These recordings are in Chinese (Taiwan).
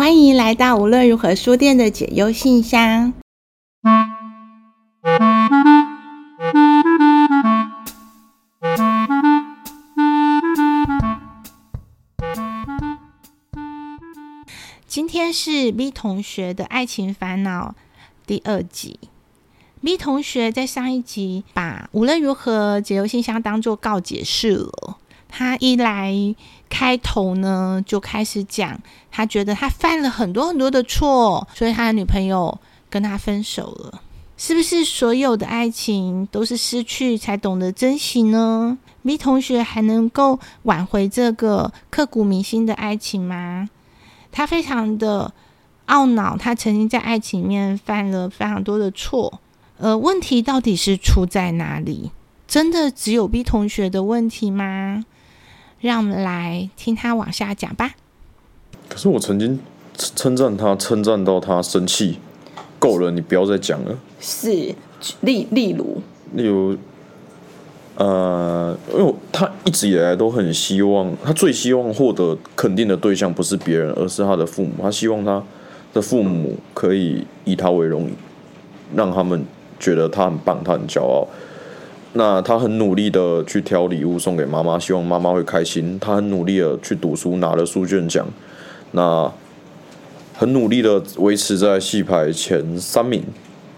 歡迎來到無論如何書店的解憂信箱。今天是 B 同學的愛情煩惱第二集。B 同學在上一集把無論如何解憂信箱當做告解室了。他一來開頭呢，就開始講，他覺得他犯了很多很多的錯，所以他的女朋友跟他分手了。是不是所有的愛情都是失去才懂得珍惜呢？B 同學還能夠挽回這個刻骨銘心的愛情嗎？他非常的懊惱，他曾經在愛情裡面犯了非常多的錯。呃，問題到底是出在哪裡？真的只有 B 同學的問題嗎？讓我們來聽他往下講吧。可是我曾經稱讚他，稱讚到他生氣。夠了，你不要再講了。是例例如，例如，呃，因為他一直以來都很希望，他最希望獲得肯定的對象不是別人，而是他的父母。他希望他的父母可以以他為榮，讓他們覺得他很棒，他很驕傲。那他很努力的去挑禮物送給媽媽，希望媽媽會開心。他很努力的去讀書，拿了書卷獎。那很努力的維持在系排前三名。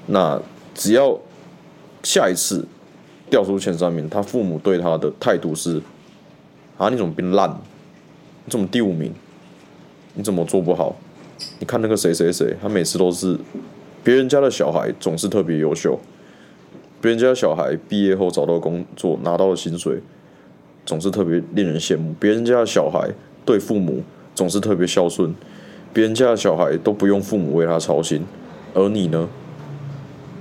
那只要下一次掉出前三名，他父母對他的態度是：啊，你怎麼變爛？你怎麼第五名？你怎麼做不好？你看那個誰誰誰，他每次都是別人家的小孩，總是特別優秀。別人家的小孩畢業後找到工作，拿到了薪水，總是特別令人羨慕。別人家的小孩對父母總是特別孝順，別人家的小孩都不用父母為他操心，而你呢？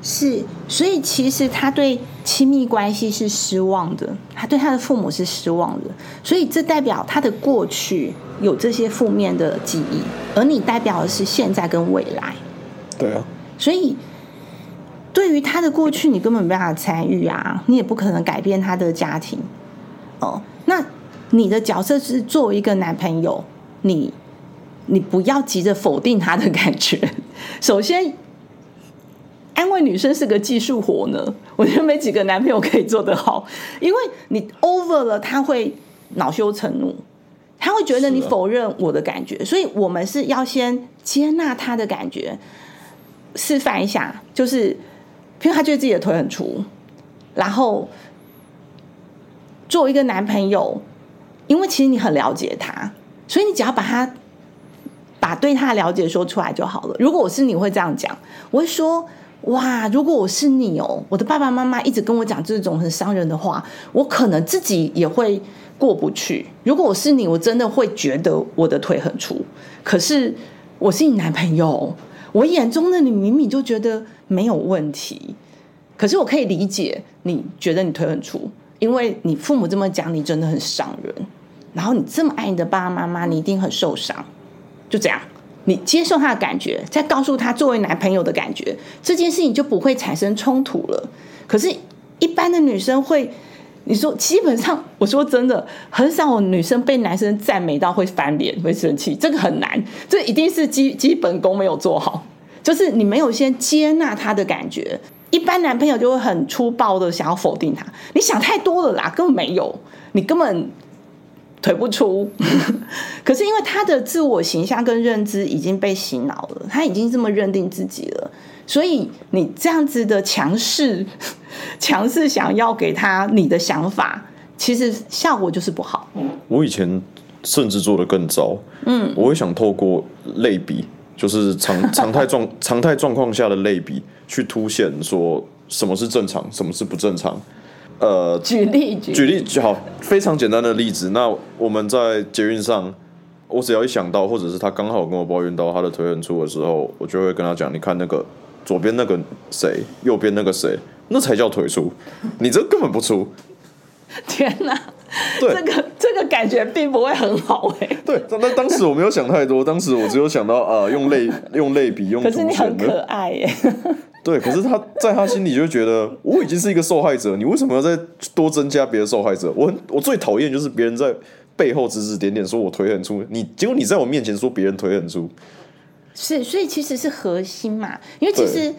是，所以其實他對親密關係是失望的，他對他的父母是失望的，所以這代表他的過去有這些負面的記憶，而你代表的是現在跟未來。對啊，所以。對於他的過去，你根本沒辦法參與啊，你也不可能改變他的家庭。哦，那你的角色是做一個男朋友，你你不要急着否定他的感覺。首先，安慰女生是個技術活呢，我覺得沒幾個男朋友可以做得好，因為你 over 了，他會惱羞成怒，他會覺得你否認我的感覺的，所以我們是要先接納他的感覺，示範一下，就是。因為他覺得自己的腿很粗，然後作為一個男朋友，因為其實你很了解他，所以你只要把他把對他的了解說出來就好了。如果我是你，我會這樣講，我會說：哇，如果我是你哦，我的爸爸媽媽一直跟我講這種很傷人的話，我可能自己也會過不去。如果我是你，我真的會覺得我的腿很粗。可是我是你男朋友。我眼中的你明明就覺得沒有問題，可是我可以理解你覺得你腿很粗，因為你父母這麼講，你真的很傷人。然後你這麼愛你的爸爸媽媽，你一定很受傷。就這樣，你接受他的感覺，再告訴他作為男朋友的感覺，這件事情就不會產生衝突了。可是，一般的女生會。你說，基本上，我說真的，很少有女生被男生讚美到會翻臉、會生氣，這個很難，這一定是基基本功沒有做好，就是你沒有先接納他的感覺。一般男朋友就會很粗暴的想要否定他，你想太多了啦，根本沒有，你根本腿不粗呵呵。可是因為他的自我形象跟認知已經被洗腦了，他已經這麼認定自己了。所以你這樣子的強勢、強勢想要給他你的想法，其實效果就是不好。我以前甚至做得更糟。嗯，我會想透過類比，就是常常態狀 常態狀況下的類比，去凸顯說什麼是正常，什麼是不正常。呃，舉例舉例，舉例好， 非常簡單的例子。那我們在捷運上。我只要一想到，或者是他剛好跟我抱怨到他的腿很粗的時候，我就會跟他講：“你看那個左邊那個誰，右邊那個誰，那才叫腿粗，你這根本不粗。”天哪、啊，對這個這個感覺並不會很好哎、欸。對，但當時我沒有想太多，當時我只有想到啊，用類用類比用了，可是你很可愛耶。對，可是他在他心裡就覺得我已經是一個受害者，你為什麼要再多增加別的受害者？我很我最討厭就是別人在。背後指指點點，說我腿很粗。你結果你在我面前說別人腿很粗，是所以其實是核心嘛？因為其實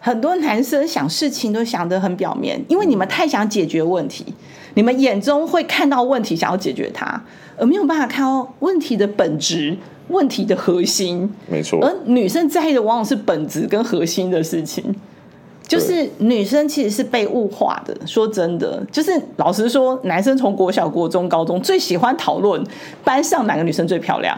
很多男生想事情都想得很表面，因為你們太想解決問題，嗯、你們眼中會看到問題，想要解決它，而沒有辦法看到問題的本質、問題的核心。沒錯，而女生在意的往往是本質跟核心的事情。就是女生其實是被物化的，說真的，就是老實說，男生從國小、國中、高中最喜歡討論班上哪個女生最漂亮，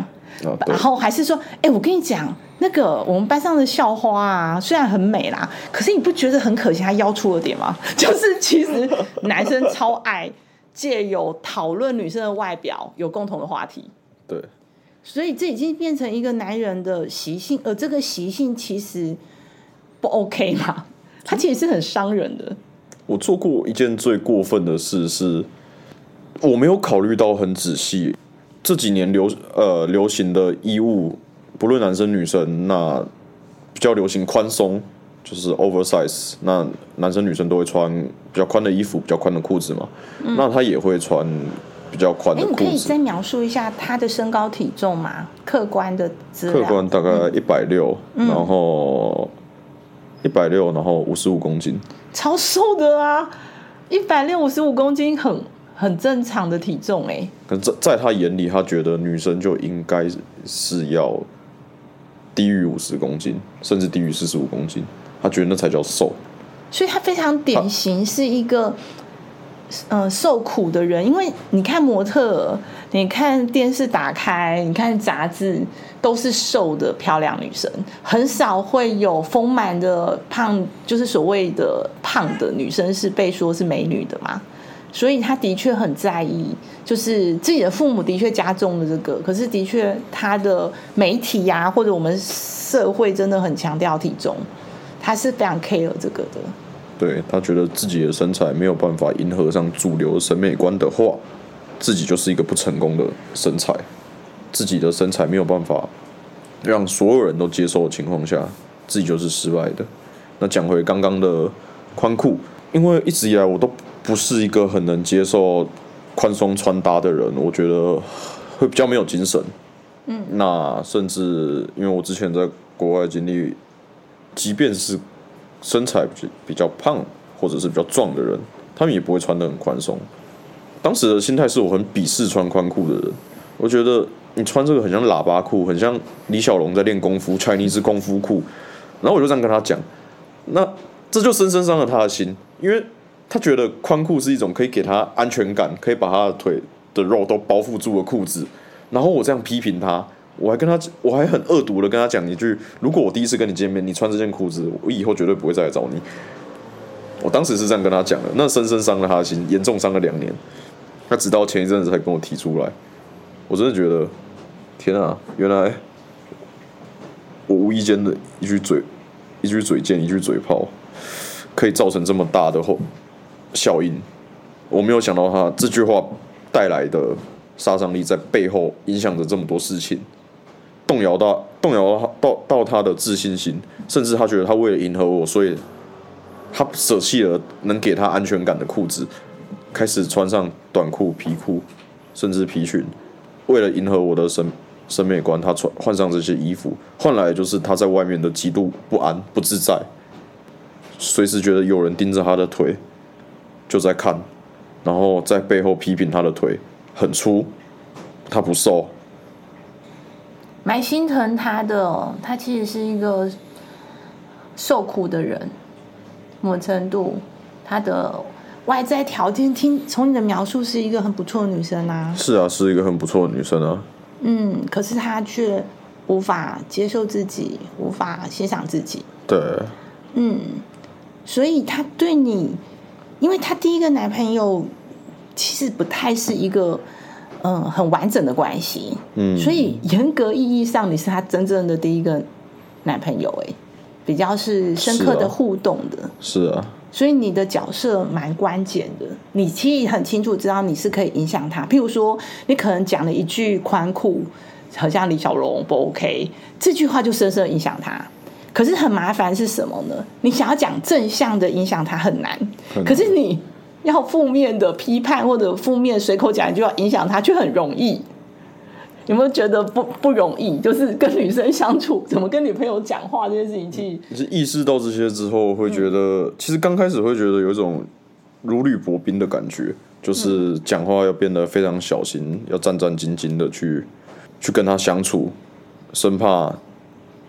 啊、然後還是說，哎、欸，我跟你講，那個我們班上的校花啊，雖然很美啦，可是你不覺得很可惜，她腰粗了點嗎？ 就是其實男生超愛借由討論女生的外表有共同的話題，對，所以這已經變成一個男人的習性，而這個習性其實不 OK 嘛。嗯、他其實是很傷人的。我做過一件最過分的事是，我沒有考慮到很仔細。這幾年流呃流行的衣物，不論男生女生，那比較流行寬鬆，就是 oversize。那男生女生都會穿比較寬的衣服，比較寬的褲子嘛。嗯、那他也會穿比較寬的褲子。你可以先描述一下他的身高體重嗎？客觀的資料的，客觀大概一百六，然後。一百六，然後五十五公斤，超瘦的啊！一百六五十五公斤很，很很正常的體重哎、欸。可，在在他眼裡，他覺得女生就應該是要低於五十公斤，甚至低於四十五公斤，他覺得那才叫瘦。所以，他非常典型是一個。嗯、呃，受苦的人，因為你看模特，你看電視打開，你看雜誌，都是瘦的漂亮女生，很少會有豐滿的胖，就是所謂的胖的女生是被說是美女的嘛。所以她的確很在意，就是自己的父母的確加重了這個，可是的確她的媒體呀、啊，或者我們社會真的很強調體重，她是非常 care 這個的。對，他覺得自己的身材沒有辦法迎合上主流審美觀的話，自己就是一個不成功的身材。自己的身材沒有辦法讓所有人都接受的情況下，自己就是失敗的。那講回剛剛的寬褲，因為一直以來我都不是一個很能接受寬鬆穿搭的人，我覺得會比較沒有精神。嗯，那甚至因為我之前在國外經歷，即便是。身材比較胖或者是比較壯的人，他們也不會穿得很寬鬆。當時的心態是我很鄙視穿寬褲的人，我覺得你穿這個很像喇叭褲，很像李小龍在練功夫，Chinese 功夫褲。然後我就這樣跟他講，那這就深深傷了他的心，因為他覺得寬褲是一種可以給他安全感，可以把他的腿的肉都包覆住的褲子。然後我這樣批評他。我還跟他，我還很惡毒的跟他講一句：“如果我第一次跟你見面，你穿這件褲子，我以後絕對不會再來找你。”我當時是這樣跟他講的，那深深傷了他的心，嚴重傷了兩年。他直到前一陣子才跟我提出來。我真的覺得，天啊，原來我無意間的一句嘴，一句嘴賤，一句嘴炮，可以造成這麼大的後效應。我沒有想到他這句話帶來的殺傷力，在背後影響着這麼多事情。動搖到動搖到到,到他的自信心，甚至他覺得他為了迎合我，所以他舍棄了能給他安全感的褲子，開始穿上短褲、皮褲，甚至皮裙。為了迎合我的審審美觀，他穿換上這些衣服，換來就是他在外面的極度不安、不自在，隨時覺得有人盯着他的腿，就在看，然後在背後批評他的腿很粗，他不瘦。蠻心疼她的，她其實是一個受苦的人。某程度，她的外在條件，聽，從你的描述，是一個很不錯的女生啊。是啊，是一個很不錯的女生啊。嗯，可是她卻無法接受自己，無法欣賞自己。對。嗯，所以她對你，因為她第一個男朋友其實不太是一個。嗯，很完整的關係。嗯，所以嚴格意義上，你是他真正的第一個男朋友哎、欸，比較是深刻的互動的。是啊、哦哦，所以你的角色蠻關鍵的。你其實很清楚知道你是可以影響他，譬如說，你可能講了一句寬酷，好像李小龍不 OK，這句話就深深影響他。可是很麻煩是什麼呢？你想要講正向的影響他很難。可，可是你。要負面的批判或者負面隨口講，就要影響他，卻很容易。有沒有覺得不不容易？就是跟女生相處，怎麼跟女朋友講話這件事情，其實、嗯、意識到這些之後，會覺得、嗯、其實剛開始會覺得有一種如履薄冰的感覺，就是講話要變得非常小心，要戰戰兢兢的去去跟她相處，生怕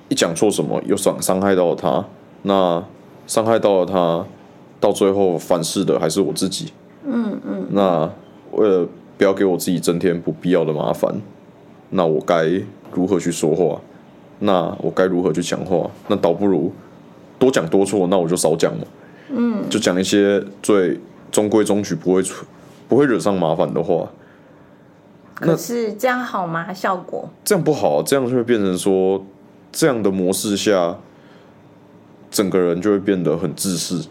一講錯什麼又傷傷害到她。那傷害到了她。到最後反噬的還是我自己。嗯嗯。那為了不要給我自己增添不必要的麻煩，那我該如何去說話？那我該如何去講話？那倒不如多講多錯，那我就少講嘛。嗯。就講一些最中規中矩、不會出、不會惹上麻煩的話。可是這樣好嗎？效果？這樣不好啊，這樣就會變成說這樣的模式下，整個人就會變得很自私。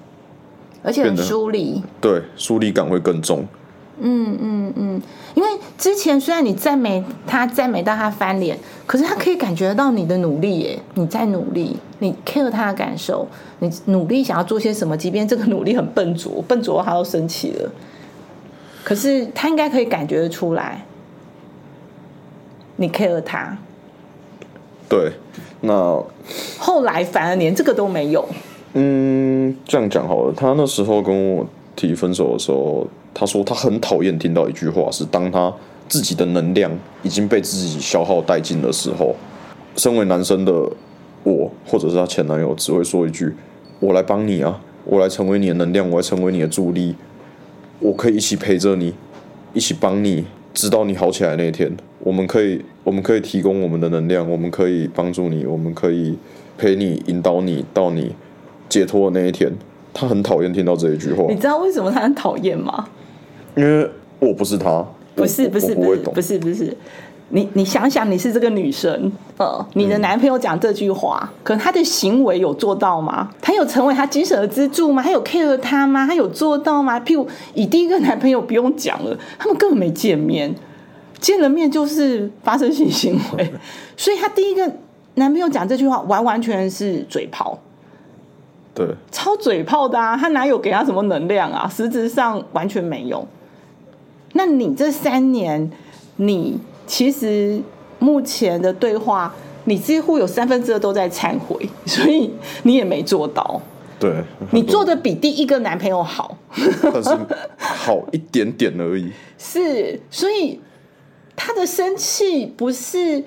而且很疏離，對，疏離感會更重。嗯嗯嗯，因為之前雖然你讚美他，讚美到他翻臉，可是他可以感覺得到你的努力耶，你在努力，你 care 他的感受，你努力想要做些什麼，即便這個努力很笨拙，笨拙他要生氣了，可是他應該可以感覺得出來，你 care 他。對，那後來反而連這個都沒有。嗯，這樣講好了。他那時候跟我提分手的時候，他說他很討厭聽到一句話，是當他自己的能量已經被自己消耗殆盡的時候，身為男生的我，或者是他前男友，只會說一句：“我來幫你啊，我來成為你的能量，我來成為你的助力，我可以一起陪着你，一起幫你，直到你好起來那天。我們可以，我們可以提供我們的能量，我們可以幫助你，我們可以陪你，引導你，到你。”解脫的那一天，她很討厭聽到這一句話。你知道為什麼她很討厭嗎？因為我不是他，不是，不是，我不會懂，不是，不是，不是你，你想想，你是這個女生，呃， 你的男朋友講這句話，可她的行為有做到嗎？他有成為她精神的支柱嗎？他有 care 他嗎？他有做到嗎？譬如，以第一個男朋友不用講了，他們根本沒見面，見了面就是發生性行為， 所以，他第一個男朋友講這句話，完完全是嘴炮。對，超嘴炮的啊，他哪有給他什麼能量啊？實質上完全沒有。那你這三年，你其實目前的對話，你幾乎有三分之二都在懺悔，所以你也沒做到。對，你做的比第一個男朋友好，但是好一點點而已。 是，所以他的生氣不是。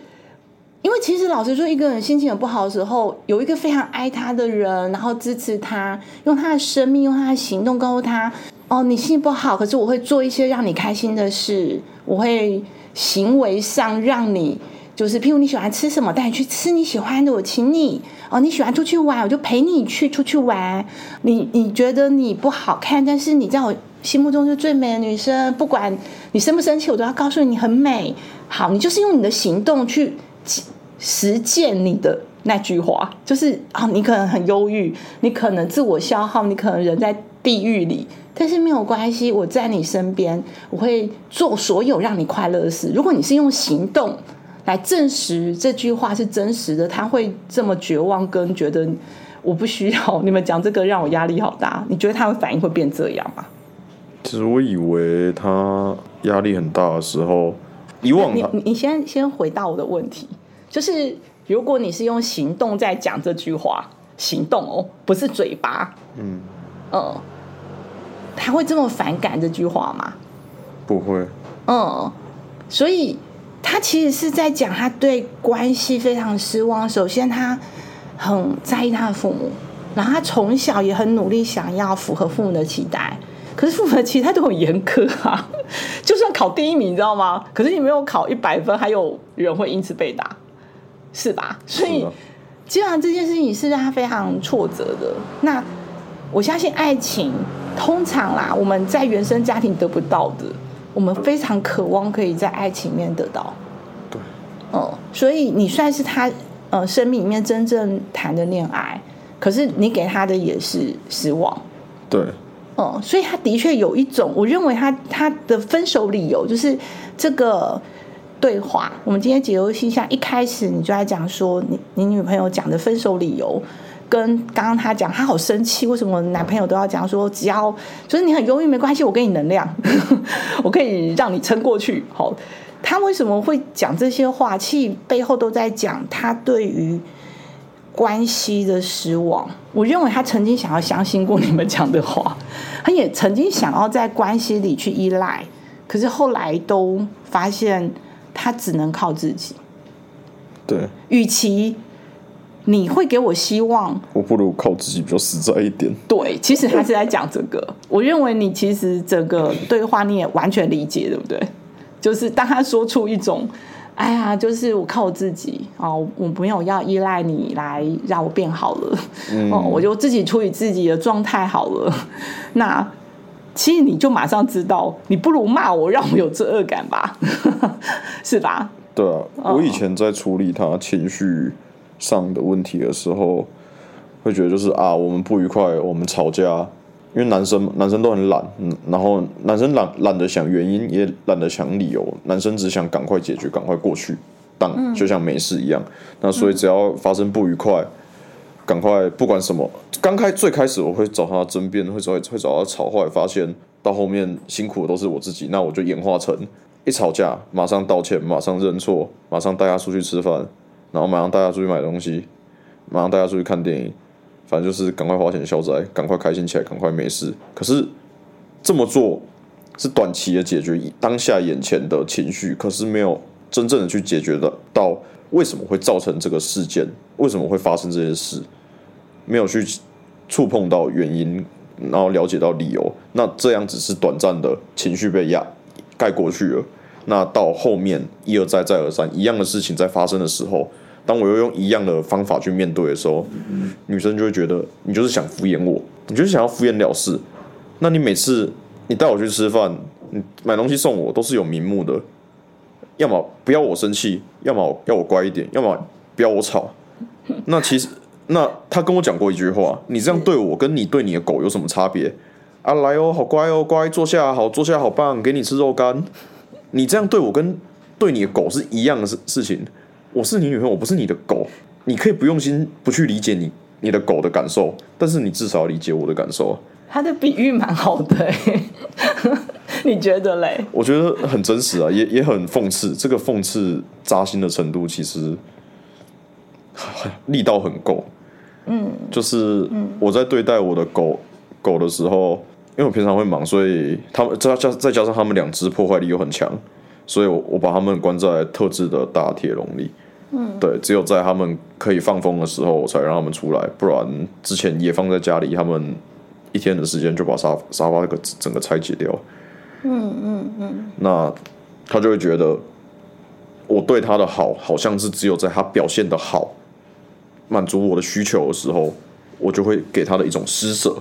因為其實老實說，一個人心情很不好的時候，有一個非常愛他的人，然後支持他，用他的生命，用他的行動告訴他：哦，你心情不好，可是我會做一些讓你開心的事，我會行為上讓你，就是譬如你喜歡吃什麼，帶你去吃你喜歡的，我請你；哦，你喜歡出去玩，我就陪你去出去玩。你你覺得你不好看，但是你在我心目中是最美的女生。不管你生不生氣，我都要告訴你，你很美。好，你就是用你的行動去，實踐你的那句話，就是啊、哦，你可能很憂鬱，你可能自我消耗，你可能人在地獄裡，但是沒有關係，我在你身邊，我會做所有讓你快樂的事。如果你是用行動來證實這句話是真實的，他會這麼絕望，跟覺得我不需要你們講這個，讓我壓力好大。你覺得他的反應會變這樣嗎？其實我以為他壓力很大的時候，以往的，你先先回答我的問題。就是如果你是用行動在講這句話，行動哦，不是嘴巴。嗯，嗯，他會這麼反感這句話嗎？不會。嗯，所以他其實是在講他對關係非常失望。首先，他很在意他的父母，然後他從小也很努力想要符合父母的期待。可是，父母的期待都很嚴苛啊。就算考第一名，你知道嗎？可是你沒有考一百分，還有人會因此被打。是吧？所以，基本上這件事情是讓他非常挫折的，那我相信愛情通常啦，我們在原生家庭得不到的，我們非常渴望可以在愛情面得到。對，嗯，所以你算是他，呃，生命裡面真正談的戀愛，可是你給他的也是失望。對，嗯，所以他的確有一種，我認為他他的分手理由就是這個。對話，我們今天解憂信箱一開始，你就在講說你你女朋友講的分手理由，跟剛剛她講，她好生氣，為什麼男朋友都要講說只要就是你很憂鬱沒關係，我給你能量， 我可以讓你撐過去。好，她為什麼會講這些話？其實背後都在講她對於關係的失望。我認為她曾經想要相信過你們講的話，她也曾經想要在關係裡去依賴，可是後來都發現。他只能靠自己。對，與其你會給我希望，我不如靠自己比較實在一點。對，其實他是在講這個。我認為你其實整個對話你也完全理解，對不對？就是當他說出一種“哎呀，就是我靠我自己我沒有要依賴你來讓我變好了”，哦、嗯，我就自己處於自己的狀態好了。那。其實你就馬上知道，你不如罵我，讓我有罪惡感吧， 是吧？對啊，我以前在處理他情緒上的問題的時候，會覺得就是啊，我們不愉快，我們吵架，因為男生男生都很懶，嗯，然後男生懶懶得想原因，也懶得想理由，男生只想趕快解決，趕快過去，但就像沒事一樣。嗯，那所以只要發生不愉快。嗯趕快，不管什麼，剛開最開始我會找他爭辯，會找會找他吵，後來發現到後面辛苦的都是我自己，那我就演化成一吵架馬上道歉，馬上認錯，馬上帶他出去吃飯，然後馬上帶他出去買東西，馬上帶他出去看電影，反正就是趕快花錢消災，趕快開心起來，趕快沒事。可是這麼做是短期的解決當下眼前的情緒，可是沒有真正的去解決的到。為什麼會造成這個事件？為什麼會發生這件事？沒有去觸碰到原因，然後了解到理由。那這樣只是短暫的情緒被壓蓋過去了。那到後面一而再再而三一樣的事情在發生的時候，當我又用一樣的方法去面對的時候嗯嗯，女生就會覺得你就是想敷衍我，你就是想要敷衍了事。那你每次你帶我去吃飯，你買東西送我都是有名目的。要麼不要我生氣，要麼要我乖一點，要麼不要我吵。那其實，那他跟我講過一句話：你這樣對我，跟你對你的狗有什麼差別？啊，來哦，好乖哦，乖，坐下，好，坐下，好棒，給你吃肉乾。你這樣對我，跟對你的狗是一樣的事事情。我是你女朋友，我不是你的狗。你可以不用心不去理解你你的狗的感受，但是你至少要理解我的感受。他的比喻蠻好的，欸， 你覺得嘞？我覺得很真實啊，也也很諷刺。 這個諷刺扎心的程度，其實力道很夠。嗯，就是我在對待我的狗、嗯、狗的時候，因為我平常會忙，所以他們再加再加上他們兩隻破壞力又很強，所以我，我把他們關在特制的大鐵籠裡。嗯，對，只有在他們可以放風的時候，我才讓他們出來。不然之前也放在家裡，他們一天的時間就把沙沙發給整個拆解掉。嗯嗯嗯，那他就會覺得我對他的好，好像是只有在他表現的好，滿足我的需求的時候，我就會給他的一種施捨，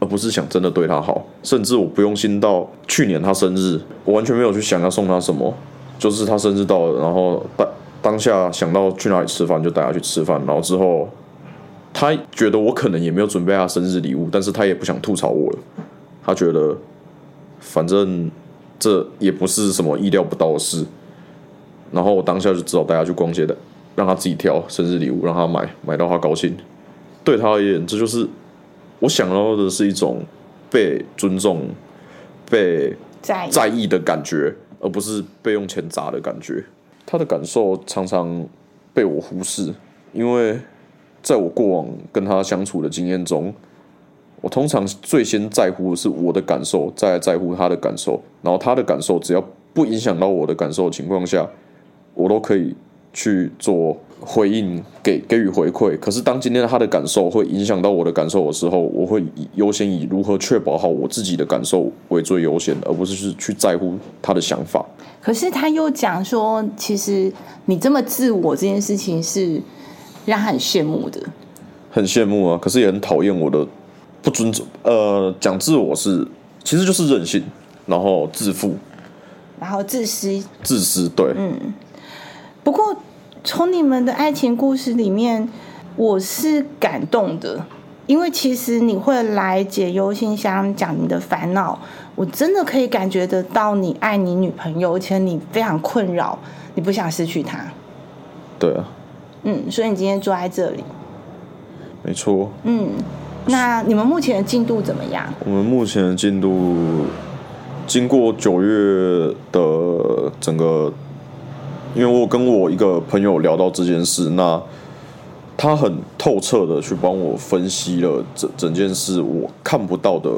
而不是想真的對他好。甚至我不用心到去年他生日，我完全沒有去想要送他什麼，就是他生日到了，然後當當下想到去哪裡吃飯，就帶他去吃飯。然後之後，他覺得我可能也沒有準備他生日禮物，但是他也不想吐槽我了。他覺得，反正這也不是什麼意料不到的事，然後我當下就只好帶他去逛街的，讓他自己挑生日禮物，讓他買買到他高興。對他而言，這就是我想要的是一種被尊重、被在意的感覺，而不是被用錢砸的感覺。他的感受常常被我忽視，因為在我過往跟他相處的經驗中。我通常最先在乎的是我的感受，再在乎他的感受，然後他的感受只要不影響到我的感受的情況下，我都可以去做回應，給給予回饋。可是當今天他的感受會影響到我的感受的時候，我會優先以如何確保好我自己的感受為最優先的，而不是去去在乎他的想法。可是他又講說，其實你這麼自我這件事情是讓他很羨慕的，很羨慕啊。可是也很討厭我的。不尊重，呃，講自我是，其實就是任性，然後自負，然後自私，自私，對，嗯。不過從你們的愛情故事裡面，我是感動的，因為其實你會來解憂信箱講你的煩惱，我真的可以感覺得到你愛你女朋友，而且你非常困擾，你不想失去她。對啊。嗯，所以你今天坐在這裡。沒錯。嗯。那你們目前的進度怎麼樣？我們目前的進度，經過九月的整個，因為我跟我一個朋友聊到這件事，那他很透徹的去幫我分析了整整件事，我看不到的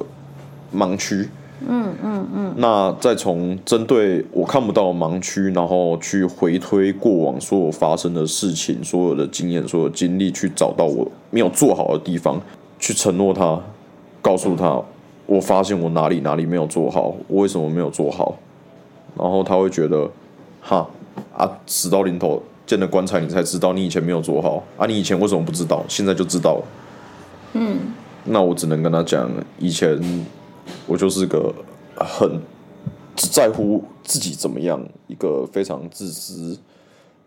盲區。嗯嗯嗯。那再從針對我看不到盲區，然後去回推過往所有發生的事情、所有的經驗、所有經歷，去找到我沒有做好的地方。去承諾他，告訴他，我發現我哪裡哪裡沒有做好，我為什麼沒有做好，然後他會覺得，哈，啊，死到臨頭見了棺材你才知道你以前沒有做好啊，你以前為什麼不知道，現在就知道了，嗯，那我只能跟他講，以前我就是個很只在乎自己怎麼樣一個非常自私，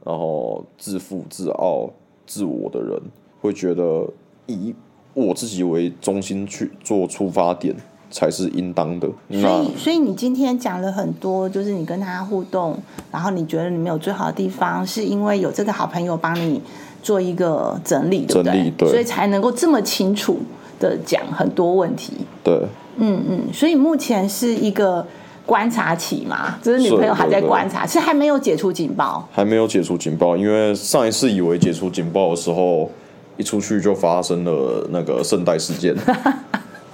然後自負、自傲、自我的人，會覺得，咦。我自己為中心去做出發點才是應當的。所以，所以你今天講了很多，就是你跟他互動，然後你覺得你沒有最好的地方，是因為有這個好朋友幫你做一個整理，整理，對，對。所以才能夠這麼清楚的講很多問題。對，嗯嗯。所以目前是一個觀察期嘛，只，就是女朋友還在觀察是，是還沒有解除警報，還沒有解除警報，因為上一次以為解除警報的時候。一出去就發生了那個聖代事件，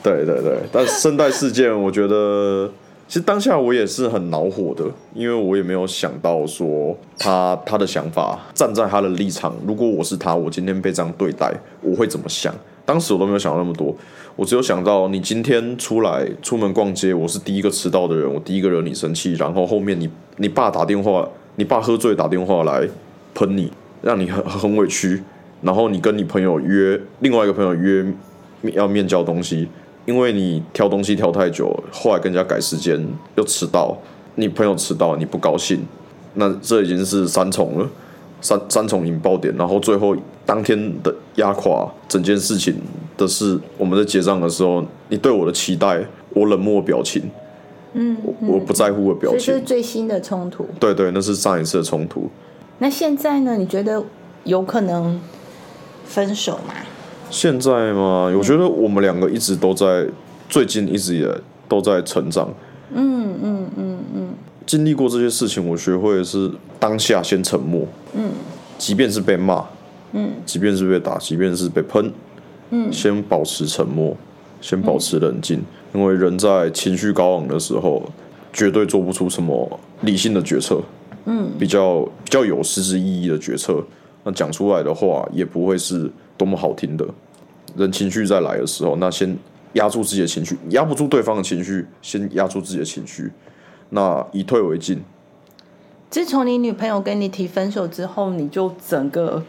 對對對，但聖代事件，我覺得其實當下我也是很惱火的，因為我也沒有想到說他他的想法，站在他的立場，如果我是他，我今天被這樣對待，我會怎麼想？當時我都沒有想到那麼多，我只有想到你今天出來出門逛街，我是第一個遲到的人，我第一個惹你生氣，然後後面你你爸打電話，你爸喝醉打電話來噴你，讓你很很委屈。然後你跟你朋友約另外一個朋友約，要面交東西，因為你挑東西挑太久後來跟人家改時間又遲到，你朋友遲到你不高興，那這已經是三重了，三三重引爆點，然後最後當天的壓垮整件事情的是我們在結賬的時候，你對我的期待，我冷漠表情，嗯，嗯，我不在乎的表情，這是最新的衝突。對對，那是上一次的衝突。那現在呢？你覺得有可能？分手嘛？現在嘛、嗯，我覺得我們兩個一直都在，最近一直也都在成長。嗯嗯嗯嗯。經歷過這些事情，我學會的是當下先沉默。嗯。即便是被罵，嗯，即便是被打，即便是被噴，嗯，先保持沉默，先保持冷靜，嗯、因為人在情緒高昂的時候，絕對做不出什麼理性的決策。嗯，比較比較有實質意義的決策。那講出來的話也不會是多麼好聽的。人情緒再來的時候，那先壓住自己的情緒，壓不住對方的情緒，先壓住自己的情緒。那以退為進。自從你女朋友跟你提分手之後，你就整個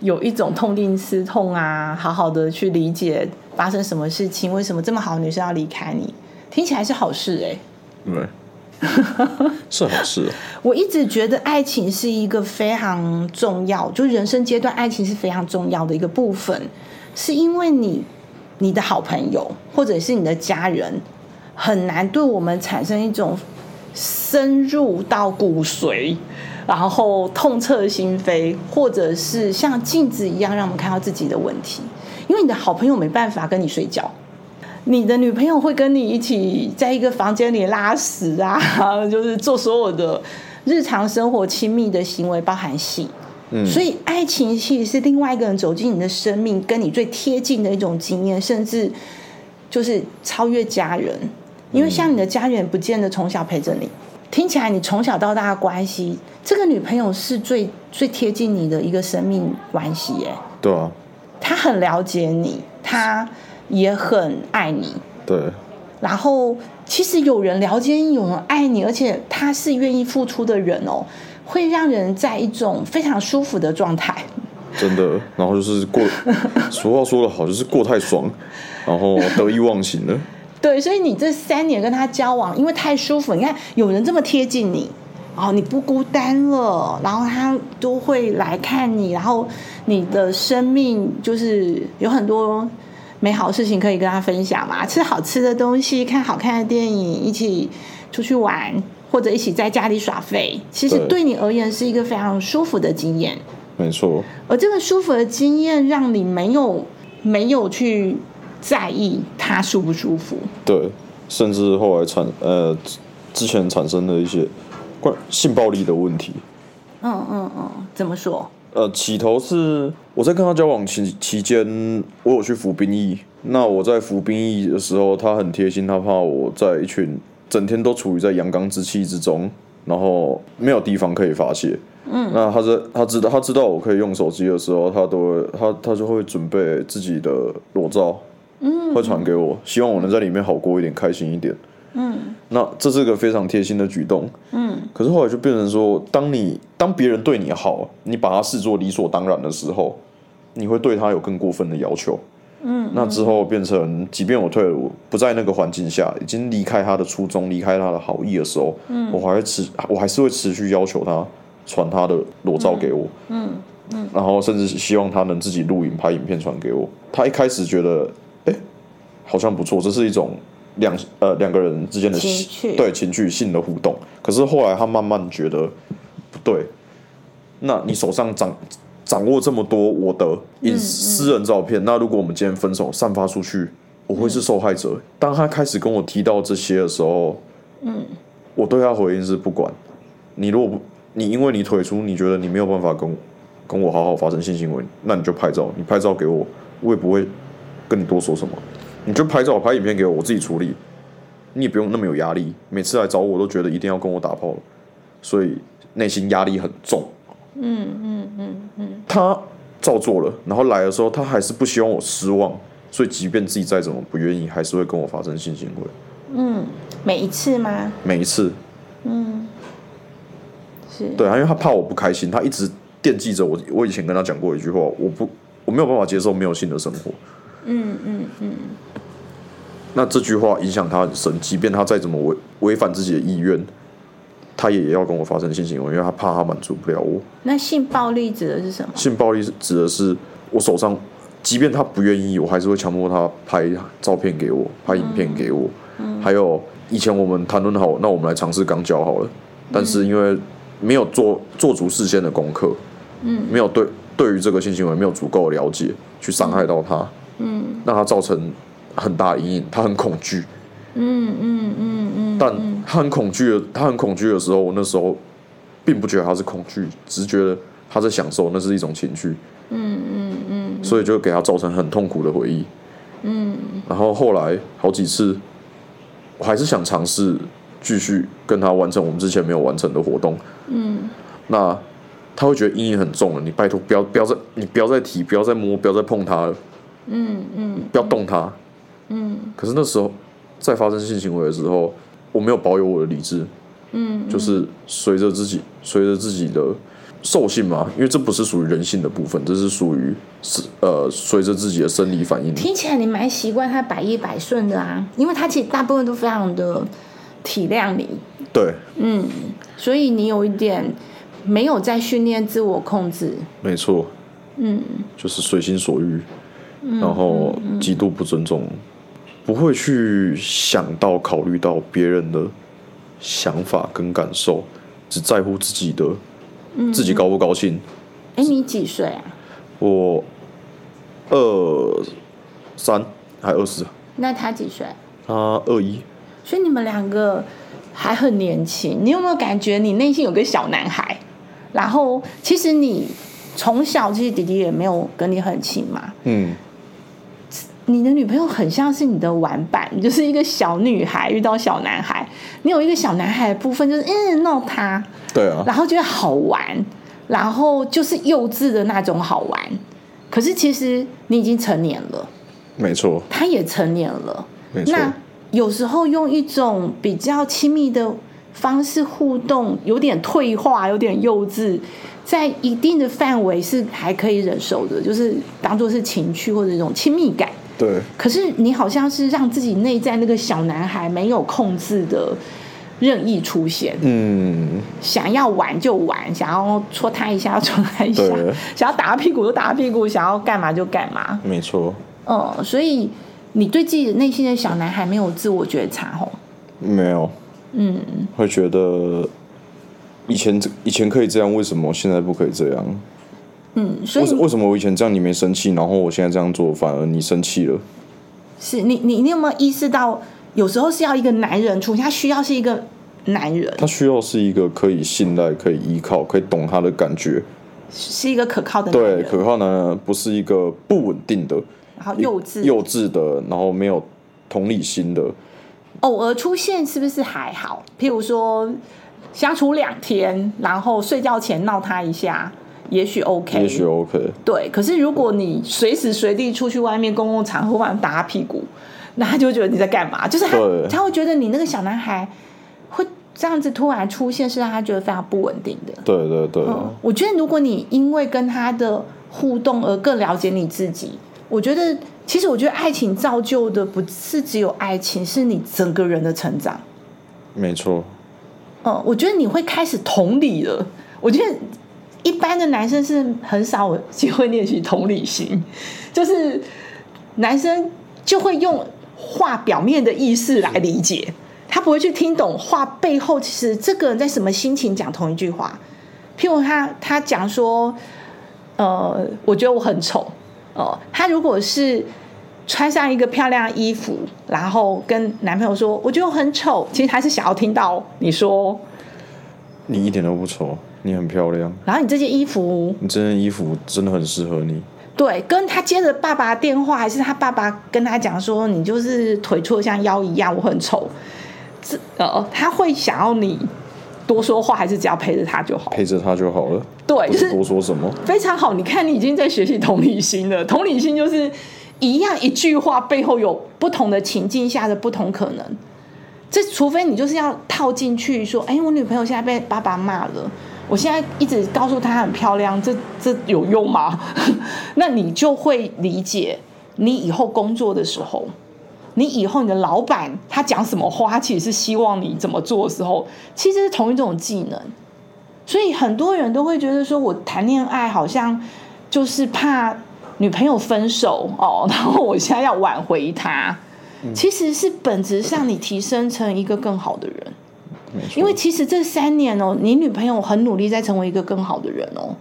有一種痛定思痛啊，好好的去理解發生什麼事情，為什麼這麼好的女生要離開你？聽起來是好事誒、欸。嗯欸是啊，是我一直覺得愛情是一個非常重要，就人生階段，愛情是非常重要的一個部分，是因為你，你的好朋友或者是你的家人，很難對我們產生一種深入到骨髓，然後痛徹心扉，或者是像鏡子一樣讓我們看到自己的問題，因為你的好朋友沒辦法跟你睡覺。你的女朋友會跟你一起在一個房間裡拉屎啊，就是做所有的日常生活親密的行為，包含性。嗯，所以愛情其實是另外一個人走進你的生命，跟你最貼近的一種經驗，甚至就是超越家人。因為像你的家人，不見得從小陪着你。嗯，聽起來，你從小到大的關係，這個女朋友是最最貼近你的一個生命關係。耶，對啊，她很了解你，她。也很愛你，對。然後其實有人了解，有人愛你，而且他是願意付出的人哦，會讓人在一種非常舒服的狀態。真的，然後就是過，俗 話說得好，就是過太爽，然後得意忘形了。對，所以你這三年跟他交往，因為太舒服，你看有人這麼貼近你，哦，你不孤單了，然後他都會來看你，然後你的生命就是有很多。美好的事情可以跟他分享嘛？吃好吃的東西、看好看的電影、一起出去玩，或者一起在家裡耍廢。其實對你而言是一個非常舒服的經驗。沒錯。而這個舒服的經驗，讓你沒有沒有去在意他舒不舒服。對，甚至後來產呃之前產生的一些性暴力的問題。嗯嗯嗯，怎麼說？呃，起頭是我在跟他交往期期間，我有去服兵役。那我在服兵役的時候，他很貼心，他怕我在一群整天都處於在陽剛之氣之中，然後沒有地方可以發洩。嗯，那他是他知道他知道我可以用手機的時候，他都會他他就會準備自己的裸照，嗯，會傳給我，希望我能在裡面好過一點，開心一點。嗯，那這是個非常貼心的舉動。嗯，可是後來就變成說，當你當別人對你好，你把他視作理所當然的時候，你會對他有更過分的要求。嗯，那之後變成，即便我退伍不在那個環境下，已經離開他的初衷，離開他的好意的時候，嗯，我還會持，我還是會持續要求他傳他的裸照給我。嗯嗯，嗯，然後甚至希望他能自己錄影拍影片傳給我。他一開始覺得，哎、欸，好像不錯，這是一種。兩呃兩個人之間的情對情緒性的互動，可是後來他慢慢覺得不對。那你手上掌、嗯、掌握這麼多我的隱私人照片、嗯嗯，那如果我們今天分手，散發出去，我會是受害者、嗯。當他開始跟我提到這些的時候，嗯，我對他回應是不管。你如果不你因為你退出，你覺得你沒有辦法跟我跟我好好發生性行為，那你就拍照，你拍照給我，我也不會跟你多說什麼。你就拍照拍影片給我，我自己處理。你也不用那麼有壓力。每次來找我，我都覺得一定要跟我打炮，所以內心壓力很重。嗯嗯嗯嗯。他照做了，然後來的時候他還是不希望我失望，所以即便自己再怎麼不願意，還是會跟我發生性行為。嗯，每一次嗎？每一次。嗯，是對啊，因為他怕我不開心，他一直惦記着我。我以前跟他講過一句話，我不我沒有辦法接受沒有性的生活。嗯嗯嗯，那這句話影響他很深，即便他再怎麼違違反自己的意願，他也要跟我發生性行為，因為他怕他滿足不了我。那性暴力指的是什麼？性暴力是指的是我手上，即便他不願意，我還是會強迫他拍照片給我，拍影片給我。嗯。嗯，還有以前我們談論好，那我們來嘗試肛交好了，但是因為沒有做、嗯、做足事先的功課，嗯，沒有對、嗯、對於這個性行為沒有足夠的了解，去傷害到他。嗯，讓他造成很大陰影，他很恐懼。嗯嗯嗯嗯，但他很恐懼的，他很恐懼的時候，我那時候並不覺得他是恐懼，只是覺得他在享受，那是一種情緒。嗯嗯嗯。所以就給他造成很痛苦的回憶。嗯。然後後來好幾次，我還是想嘗試繼續跟他完成我們之前沒有完成的活動。嗯。那他會覺得陰影很重了，你拜托不要不要再，你不要再提，不要再摸，不要再碰他了。嗯嗯，不要動他。嗯，嗯，可是那時候在發生性行為的時候，我沒有保有我的理智。嗯，嗯，就是隨着自己，隨着自己的獸性嘛，因為這不是屬於人性的部分，這是屬於是呃，隨着自己的生理反應。聽起來你蠻習慣他百依百順的啊，因為他其實大部分都非常的體諒你。對，嗯，所以你有一點沒有在訓練自我控制。沒錯，嗯，就是隨心所欲。然後極度不尊重，嗯嗯嗯、不會去想到，考慮到別人的想法跟感受，只在乎自己的，嗯嗯、自己高不高興。哎，你幾歲啊？我二三？還二十？那他幾歲？他二一。所以你們兩個還很年輕，你有沒有感覺你內心有個小男孩？然後其實你從小其實弟弟也沒有跟你很親嘛，嗯。你的女朋友很像是你的玩伴，就是一個小女孩遇到小男孩，你有一個小男孩的部分，就是嗯鬧他，對啊，然後覺得好玩，然後就是幼稚的那種好玩。可是其實你已經成年了，沒錯，他也成年了。沒錯。那有時候用一種比較親密的方式互動，有點退化，有點幼稚，在一定的範圍是還可以忍受的，就是當做是情趣或者一種親密感。對，可是你好像是讓自己內在那個小男孩沒有控制的任意出現，嗯，想要玩就玩，想要戳他一下就戳他一下，想要打他屁股就打他屁股，想要幹嘛就幹嘛，沒錯。嗯，所以你對自己的內心的小男孩沒有自我覺察哦，沒有，嗯，會覺得以前以前可以這樣，為什麼現在不可以這樣？嗯，所以為什麼我以前這樣你沒生氣，然後我現在這樣做反而你生氣了？是你，你，你有沒有意識到，有時候是要一個男人出現，他需要是一個男人，他需要是一個可以信賴、可以依靠、可以懂他的感覺，是，是一個可靠的男人，對，可靠呢？不是一個不穩定的，然後幼稚幼稚的，然後沒有同理心的，偶爾出現是不是還好？譬如說相處兩天，然後睡覺前鬧他一下。也許 OK，也許 OK，對。可是如果你隨時隨地出去外面公共場合，忽然打他屁股，那他就會覺得你在幹嘛？就是他，他會覺得你那個小男孩會這樣子突然出現，是讓他覺得非常不穩定的。對對對。嗯，我覺得如果你因為跟他的互動而更了解你自己，我覺得其實我覺得愛情造就的不是只有愛情，是你整個人的成長。沒錯。嗯，我覺得你會開始同理了。我覺得。一般的男生是很少機會練習同理心，就是男生就會用話表面的意思來理解，他不會去聽懂話背後其實這個人在什麼心情講同一句話。譬如他他講說，呃，我覺得我很醜哦、呃。他如果是穿上一個漂亮的衣服，然後跟男朋友說我覺得我很醜，其實他是想要聽到你說你一點都不醜。你很漂亮。然後你這件衣服，你這件衣服真的很適合你。對，跟他接着爸爸電話，還是他爸爸跟他講說，你就是腿粗像腰一樣，我很醜。這呃，他會想要你多說話，還是只要陪着他就好？陪着他就好了。對，是多說什麼？就是、非常好，你看你已經在學習同理心了。同理心就是一樣一句話背後有不同的情境下的不同可能。這除非你就是要套進去說，哎，我女朋友現在被爸爸罵了。我現在一直告訴她很漂亮，這這有用嗎？ 那你就會理解，你以後工作的時候，你以後你的老闆他講什麼話，他其實是希望你怎麼做的時候，其實是同一種技能。所以很多人都會覺得說，我談戀愛好像就是怕女朋友分手哦，然後我現在要挽回她，其實是本質上你提升成一個更好的人。因為其實這三年哦，你女朋友很努力在成為一個更好的人哦。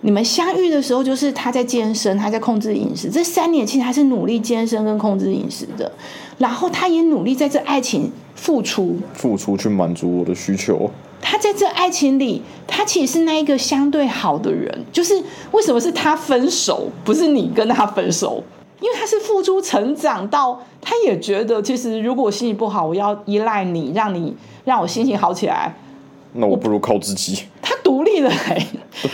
你們相遇的時候，就是她在健身，她在控制飲食。這三年其實她是努力健身跟控制飲食的，然後她也努力在這愛情付出，付出去滿足我的需求。她在這愛情裡，她其實是那一個相對好的人，就是為什麼是她分手，不是你跟她分手？因為他是付出成長到，他也覺得其實如果我心情不好，我要依賴你，讓你讓我心情好起來。那我不如靠自己。他獨立了，嘿，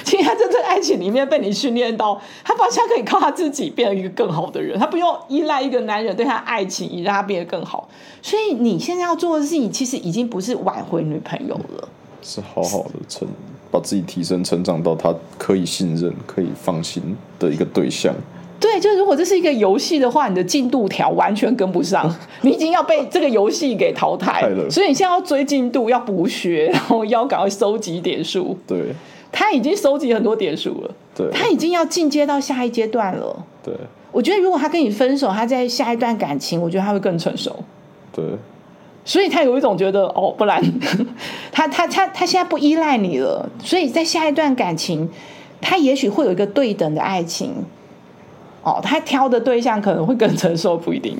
其實他真的愛情裡面被你訓練到，他發現他可以靠他自己變成一個更好的人，他不用依賴一個男人對他愛情，也讓他變得更好。所以你現在要做的事情，其實已經不是挽回女朋友了，是好好的成，把自己提升成長到他可以信任、可以放心的一個對象。對，就如果這是一個遊戲的話，你的進度條完全跟不上， 你已經要被這個遊戲給淘汰了，所以你現在要追進度，要補學，然後要趕快收集點數。對，他已經收集很多點數了。對，他已經要進階到下一階段了。對，我覺得如果他跟你分手，他在下一段感情，我覺得他會更成熟。對，所以他有一種覺得哦，不然 他他他他現在不依賴你了，所以在下一段感情，他也許會有一個對等的愛情。哦，他挑的對象可能會更成熟，不一定。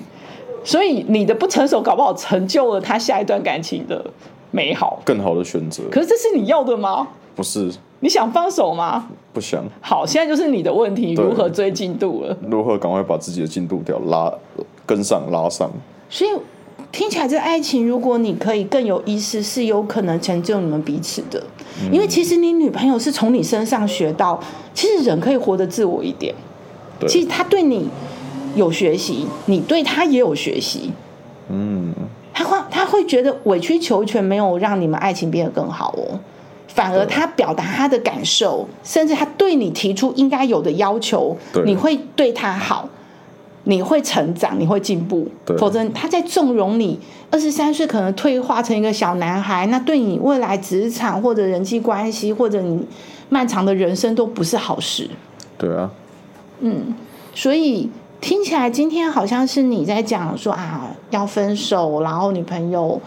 所以你的不成熟，搞不好成就了他下一段感情的美好，更好的選擇。可是這是你要的嗎？不是。你想放手嗎？不想。好，現在就是你的問題，如何追進度了？如何趕快把自己的進度條拉跟上、拉上？所以聽起來，這愛情，如果你可以更有意思，是有可能成就你們彼此的。嗯、因為其實你女朋友是從你身上學到，其實人可以活得自我一點。其實他對你有學習，你對他也有學習。嗯，他會他會覺得委曲求全沒有讓你們愛情變得更好哦，反而他表達他的感受，甚至他對你提出應該有的要求，你會對他好，你會成長，你會進步。否則他在縱容你，二十三歲可能退化成一個小男孩，那對你未來職場或者人際關係或者你漫長的人生都不是好事。對啊。嗯，所以聽起來今天好像是你在講說啊，要分手，然後女朋友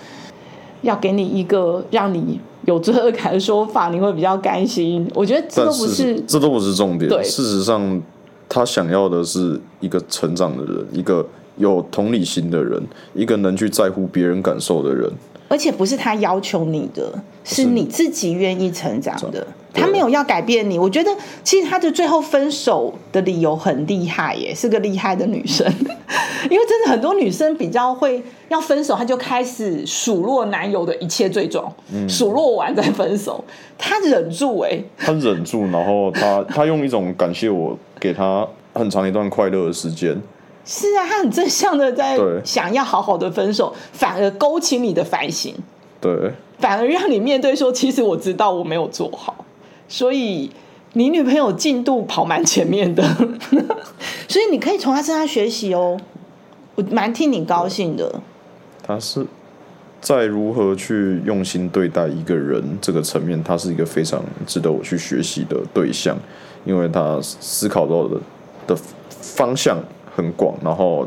要給你一個讓你有罪惡感的說法，你會比較甘心。我覺得這都不是，是這都不是重點。對，對事實上他想要的是一個成長的人，一個有同理心的人，一個能去在乎別人感受的人。而且不是他要求你的，是你自己願意成長的。他沒有要改變你，我覺得其實他的最後分手的理由很厲害耶，是個厲害的女生。因為真的很多女生比較會要分手，她就開始數落男友的一切罪狀，數、嗯、落完再分手。他忍住哎、欸，他忍住，然後他他用一種感謝我給他很長一段快樂的時間。是啊，他很正向的在想要好好的分手，反而勾起你的反省。對，反而讓你面對說，其實我知道我沒有做好。所以你女朋友進度跑蠻前面的， 所以你可以從她身上學習哦。我蠻替你高興的。她是在如何去用心對待一個人這個層面，她是一個非常值得我去學習的對象，因為她思考到的的方向很廣，然後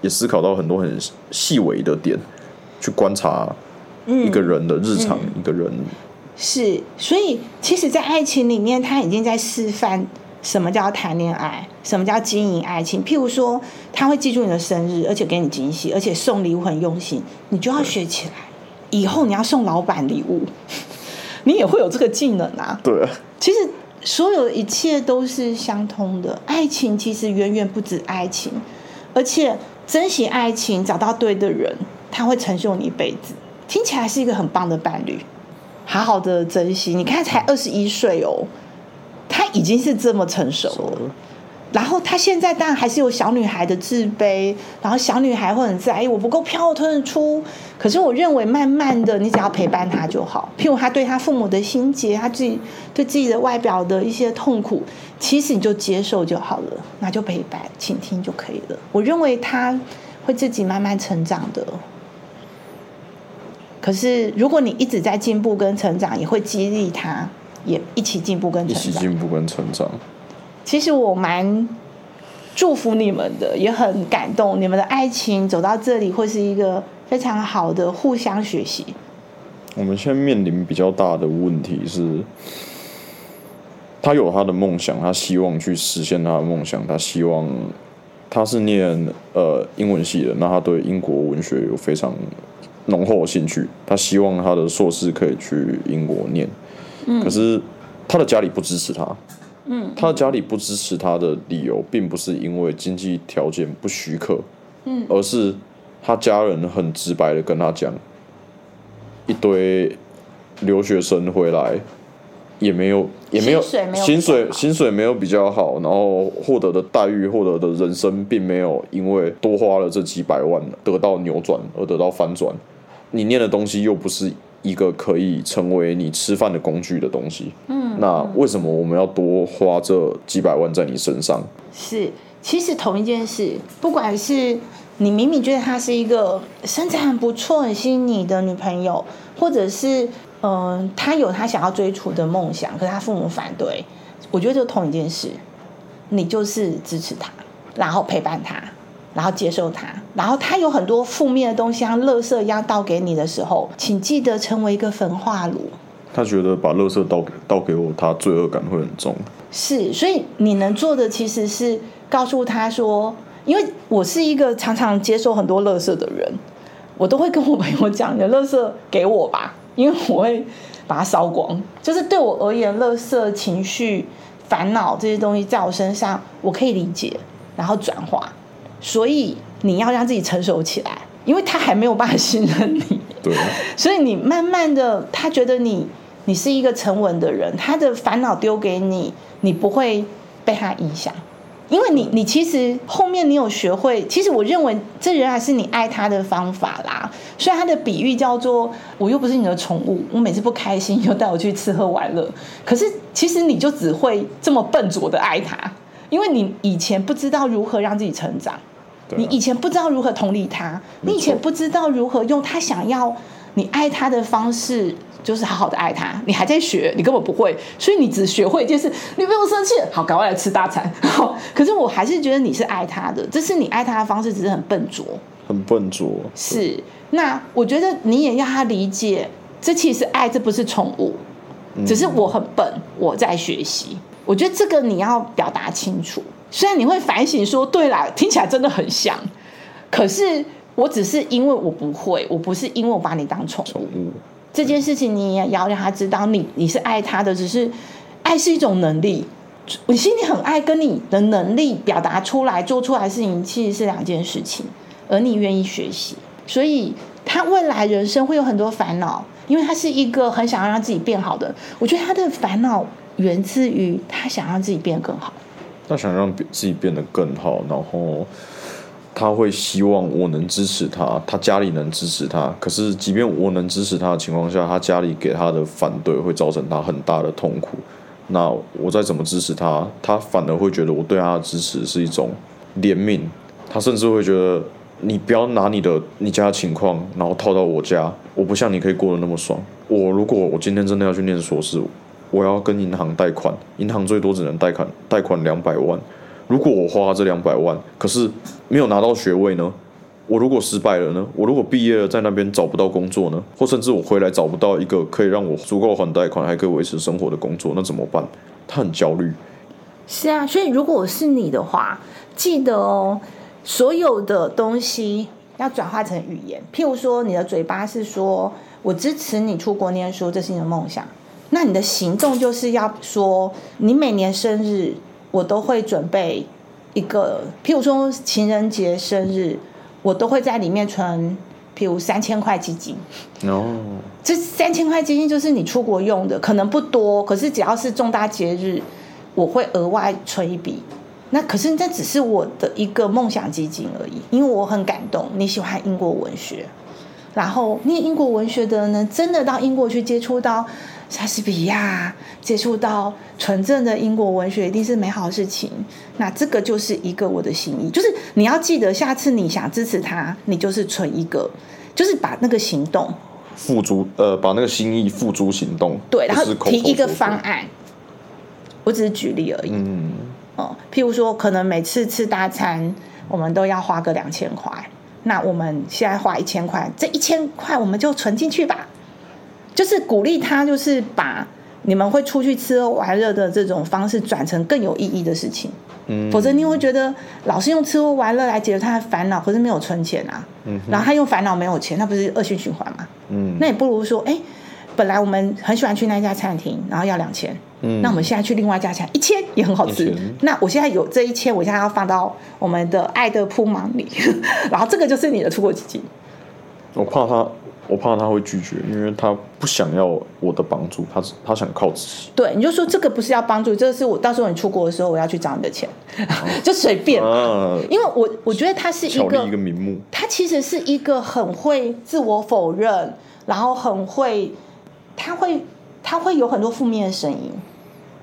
也思考到很多很細微的點去觀察一個人的日常，嗯嗯、一個人。是，所以其實，在愛情裡面，他已經在示範什麼叫談戀愛，什麼叫經營愛情。譬如說，他會記住你的生日，而且給你驚喜，而且送禮物很用心，你就要學起來。以後你要送老闆禮物，你也會有這個技能啊。對啊，其實所有一切都是相通的。愛情其實遠遠不止愛情，而且珍惜愛情，找到對的人，他會成就你一輩子。聽起來是一個很棒的伴侶。好好的珍惜，你看才二十一歲哦，她已經是這麼成熟了。然後她現在當然還是有小女孩的自卑，然後小女孩會很在意我不夠漂亮、突出。可是我認為，慢慢的，你只要陪伴她就好。譬如她對她父母的心結，她自己對自己的外表的一些痛苦，其實你就接受就好了，那就陪伴、傾聽就可以了。我認為她會自己慢慢成長的。可是，如果你一直在進步跟成長，也會激勵他，也一起進步跟成長，一起進步跟成長。其實我蠻祝福你們的，也很感動你們的愛情走到這裡，會是一個非常好的互相學習。我們現在面臨比較大的問題是，他有他的夢想，他希望去實現他的夢想。他希望他是念呃英文系的，那他對英國文學有非常。濃厚的興趣，他希望他的碩士可以去英國念，嗯，可是他的家裡不支持他，嗯，他的家裡不支持他的理由，並不是因為經濟條件不許可，嗯，而是他家人很直白的跟他講，一堆留學生回來也沒有也沒有薪水有薪水薪水沒有比較好，然後獲得的待遇獲得的人生，並沒有因為多花了這幾百萬得到扭轉而得到翻轉。你念的東西又不是一個可以成為你吃飯的工具的東西，嗯，嗯，那為什麼我們要多花這幾百萬在你身上？是，其實同一件事，不管是你明明覺得她是一個身材很不錯、很吸引你的女朋友，或者是嗯，她、呃、有她想要追逐的夢想，可是她父母反對，我覺得就同一件事，你就是支持她，然後陪伴她。然後接受他，然後他有很多負面的東西，像垃圾一樣倒給你的時候，請記得成為一個焚化爐。他覺得把垃圾倒給倒給我，他罪惡感會很重。是，所以你能做的其實是告訴他說，因為我是一個常常接受很多垃圾的人，我都會跟我朋友講：“你的垃圾給我吧，因為我會把它燒光。”就是對我而言，垃圾、情緒、煩惱這些東西，在我身上我可以理解，然後轉化。所以你要讓自己成熟起來，因為他還沒有辦法信任你。對啊。所以你慢慢的，他覺得你你是一個沉穩的人，他的煩惱丟給你，你不會被他影響，因為你你其實後面你有學會，其實我認為這仍然是你愛他的方法啦。所以他的比喻叫做，我又不是你的寵物，我每次不開心又帶我去吃喝玩樂，可是其實你就只會這麼笨拙的愛他，因為你以前不知道如何讓自己成長。你以前不知道如何同理他，你以前不知道如何用他想要你愛他的方式，就是好好的愛他。你還在學，你根本不會，所以你只學會一件事：你不用生氣，好，趕快來吃大餐。可是我還是覺得你是愛他的，這是你愛他的方式，只是很笨拙，很笨拙。是，那我覺得你也要他理解，這其實愛，這不是寵物，只是我很笨，我在學習。嗯，我覺得這個你要表達清楚。雖然你會反省說：“對啦，聽起來真的很像。”可是我只是因為我不會，我不是因為我把你當寵物。寵物這件事情你也要讓他知道，你你是愛他的，只是愛是一種能力。我心裡很愛，跟你的能力表達出來、做出來的事情其實是兩件事情。而你願意學習，所以他未來人生會有很多煩惱，因為他是一個很想讓自己變好的。我覺得他的煩惱源自於他想讓自己變更好。他想讓自己變得更好，然後他會希望我能支持他，他家裡能支持他。可是，即便我能支持他的情況下，他家裡給他的反對會造成他很大的痛苦。那我再怎麼支持他，他反而會覺得我對他的支持是一種憐憫。他甚至會覺得，你不要拿你的你家的情況，然後套到我家。我不像你可以過得那麼爽。我如果我今天真的要去念碩士，我要跟銀行貸款，銀行最多只能貸款貸款兩百萬。如果我花了這兩百萬，可是沒有拿到學位呢？我如果失敗了呢？我如果畢業了，在那邊找不到工作呢？或甚至我回來找不到一個可以讓我足夠還貸款，還可以維持生活的工作，那怎麼辦？他很焦慮。是啊，所以如果我是你的話，記得哦，所有的東西要轉化成語言。譬如說，你的嘴巴是說我支持你出國念書，這是你的夢想。那你的行動就是要說，你每年生日我都會準備一個，譬如說情人節、生日，我都會在裡面存，譬如三千塊基金。哦、oh.，這三千塊基金就是你出國用的，可能不多，可是只要是重大節日，我會額外存一筆。那可是這只是我的一個夢想基金而已，因為我很感動，你喜歡英國文學，然後念英國文學的人呢，真的到英國去接觸到。莎士比亞接觸到純正的英國文學，一定是美好的事情。那這個就是一個我的心意，就是你要記得，下次你想支持他，你就是存一個，就是把那個行動付諸，呃，把那個心意付諸行動。對，然後提一個方案。我只是舉例而已。嗯。哦，譬如說，可能每次吃大餐，我們都要花個兩千塊。那我們現在花一千塊，這一千塊我們就存進去吧。就是鼓勵他，就是把你們會出去吃喝玩樂的這種方式轉成更有意義的事情。嗯，否則你會覺得老是用吃喝玩樂來解決他的煩惱，可是沒有存錢啊。嗯，然後他用煩惱沒有錢，他不是惡性循環嗎？嗯，那也不如說，哎，本來我們很喜歡去那家餐廳，然後要兩千。嗯，那我們現在去另外一家，才一千也很好吃。那我現在有這一千，我現在要放到我們的愛的撲滿裡，然後這個就是你的出國基金。我怕他。我怕他會拒絕，因為他不想要我的幫助，他他想靠自己。對，你就說這個不是要幫助，這個是我到時候你出國的時候，我要去找你的錢， 就隨便、啊。因為我我覺得他是一個，巧立一個名目。他其實是一個很會自我否認，然後很會，他會他會有很多負面的聲音，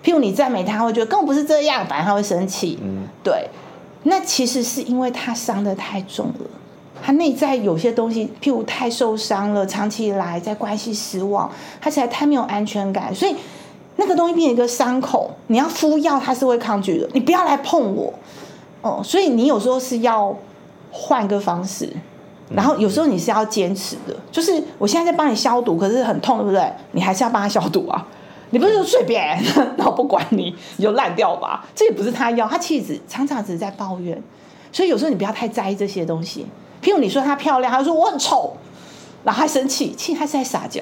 譬如你讚美他，他會覺得根本不是這樣，反正他會生氣。嗯，對，那其實是因為他傷得太重了。他內在有些東西，譬如太受傷了，長期以來在關係失望，他實在太沒有安全感，所以那個東西變成一個傷口，你要敷藥，他是會抗拒的，你不要來碰我，哦，所以你有時候是要換個方式，然後有時候你是要堅持的，就是我現在在幫你消毒，可是很痛，對不對？你還是要幫他消毒啊，你不是說隨便，那我不管你，你就爛掉吧。這也不是他要，他氣質常常只是在抱怨，所以有時候你不要太在意這些東西。譬如你說她漂亮，她說我很醜，然後她生氣，其實她是在撒嬌。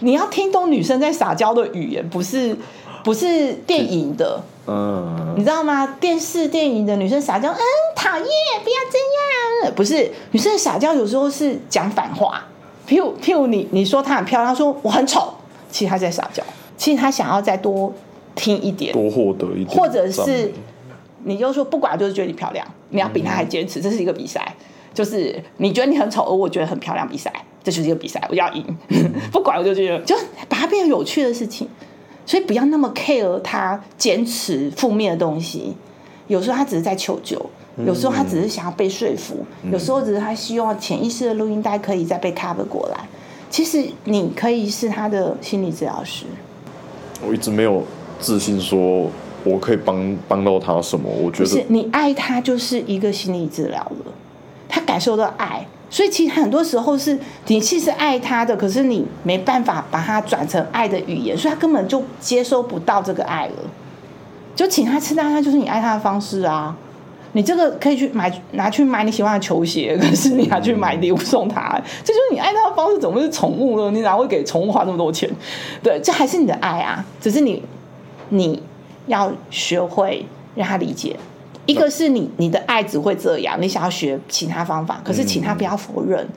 你要聽懂女生在撒嬌的語言，不是不是電影的，嗯，你知道嗎？電視電影的女生撒嬌，嗯，討厭，不要這樣。不是女生撒嬌，有時候是講反話。譬如譬如你你說她很漂亮，她說我很醜，其實她在撒嬌，其實她想要再多聽一點，多獲得一點，或者是你就說不管，就是覺得你漂亮，你要比她還堅持，嗯，這是一個比賽。就是你覺得你很醜，而我覺得很漂亮。比賽，這就是一個比賽，我就要贏。 不管我就覺得，就把它變成有趣的事情。所以不要那麼 care 他，堅持負面的東西。有時候他只是在求救，有時候他只是想要被說服，嗯，有時候他只是想要被說服，嗯、有時候只是他希望潛意識的錄音帶可以再被 cover 過來。其實你可以是他的心理治療師。我一直沒有自信說我可以幫幫到他什麼。我覺得、就是你愛他就是一個心理治療了。他感受到愛，所以其實很多時候是你其實愛他的，可是你沒辦法把它轉成愛的語言，所以他根本就接收不到這個愛了。就請他吃大餐就是你愛他的方式啊，你這個可以去買拿去買你喜歡的球鞋，可是你還去買禮物送他，這就是你愛他的方式，怎麼會是寵物呢？你哪會給寵物花那麼多錢？對，這還是你的愛啊，只是你你要學會讓他理解。一個是你，你的愛只會這樣。你想要學其他方法，可是請他不要否認、嗯，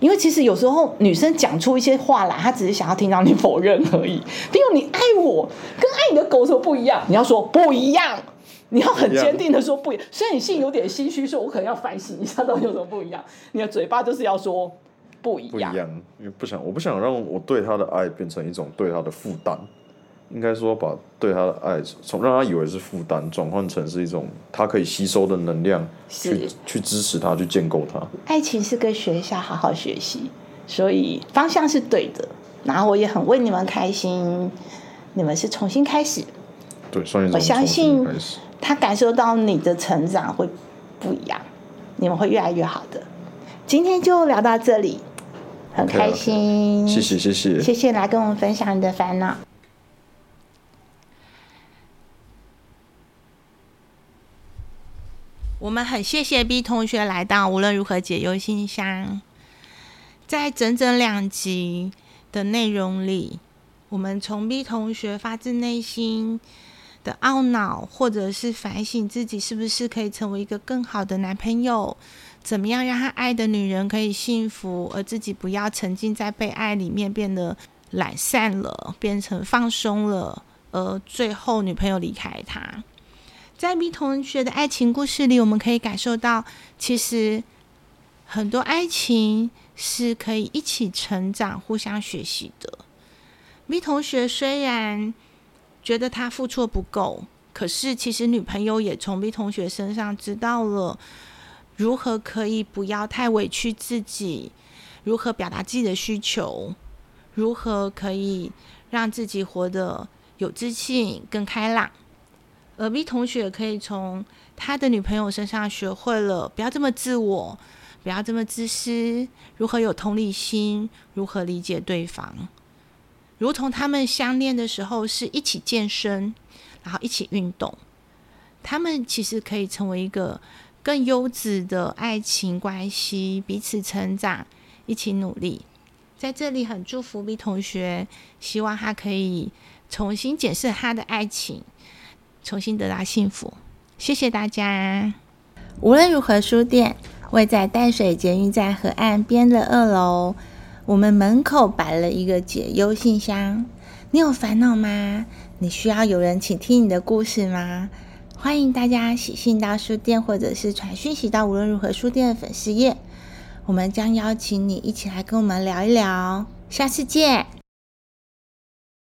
因為其實有時候女生講出一些話來，她只是想要聽到你否認而已。比如你愛我，跟愛你的狗怎麼不一樣？你要說不一樣，你要很堅定的說不一樣。不一樣雖然你心裡有點心虛，說我可能要反省一下，到底有什麼不一樣。你的嘴巴就是要說不一樣，不一樣，不想，我不想讓我對他的愛變成一種對他的負擔。應該說，把對他的愛從讓他以為是負擔，轉換成是一種他可以吸收的能量，是去去支持他，去建構他。愛情是個學校，好好學習，所以方向是對的。然後我也很為你們開心，你們是重新開始，對，所以我相信他感受到你的成長會不一樣，你們會越來越好的。今天就聊到這裡，很開心，okay, okay. 謝謝謝謝謝謝來跟我們分享你的煩惱。我們很謝謝 B 同學來到，無論如河解憂信箱。在整整兩集的內容裡，我們從 B 同學發自內心的懊惱，或者是反省自己是不是可以成為一個更好的男朋友，怎麼樣讓他愛的女人可以幸福，而自己不要沉浸在被愛裡面變得懶散了，變成放鬆了，而最後女朋友離開他。在 B 同學的愛情故事裡，我們可以感受到，其實很多愛情是可以一起成長、互相學習的。B 同學雖然覺得他付出不夠，可是其實女朋友也從 B 同學身上知道了如何可以不要太委屈自己，如何表達自己的需求，如何可以讓自己活得有自信、更開朗。呃，B 同學可以從他的女朋友身上學會了不要這麼自我，不要這麼自私，如何有同理心，如何理解對方。如同他們相戀的時候是一起健身，然後一起運動，他們其實可以成為一個更優質的愛情關係，彼此成長，一起努力。在這裡很祝福 B 同學，希望他可以重新檢視他的愛情。重新得到幸福，謝謝大家。無論如何書店位在淡水捷運站河岸邊的二樓，我們門口擺了一個解憂信箱。你有煩惱嗎？你需要有人傾聽你的故事嗎？歡迎大家寫信到書店，或者是傳訊息到無論如何書店的粉絲頁。我們將邀請你一起來跟我們聊一聊。下次見。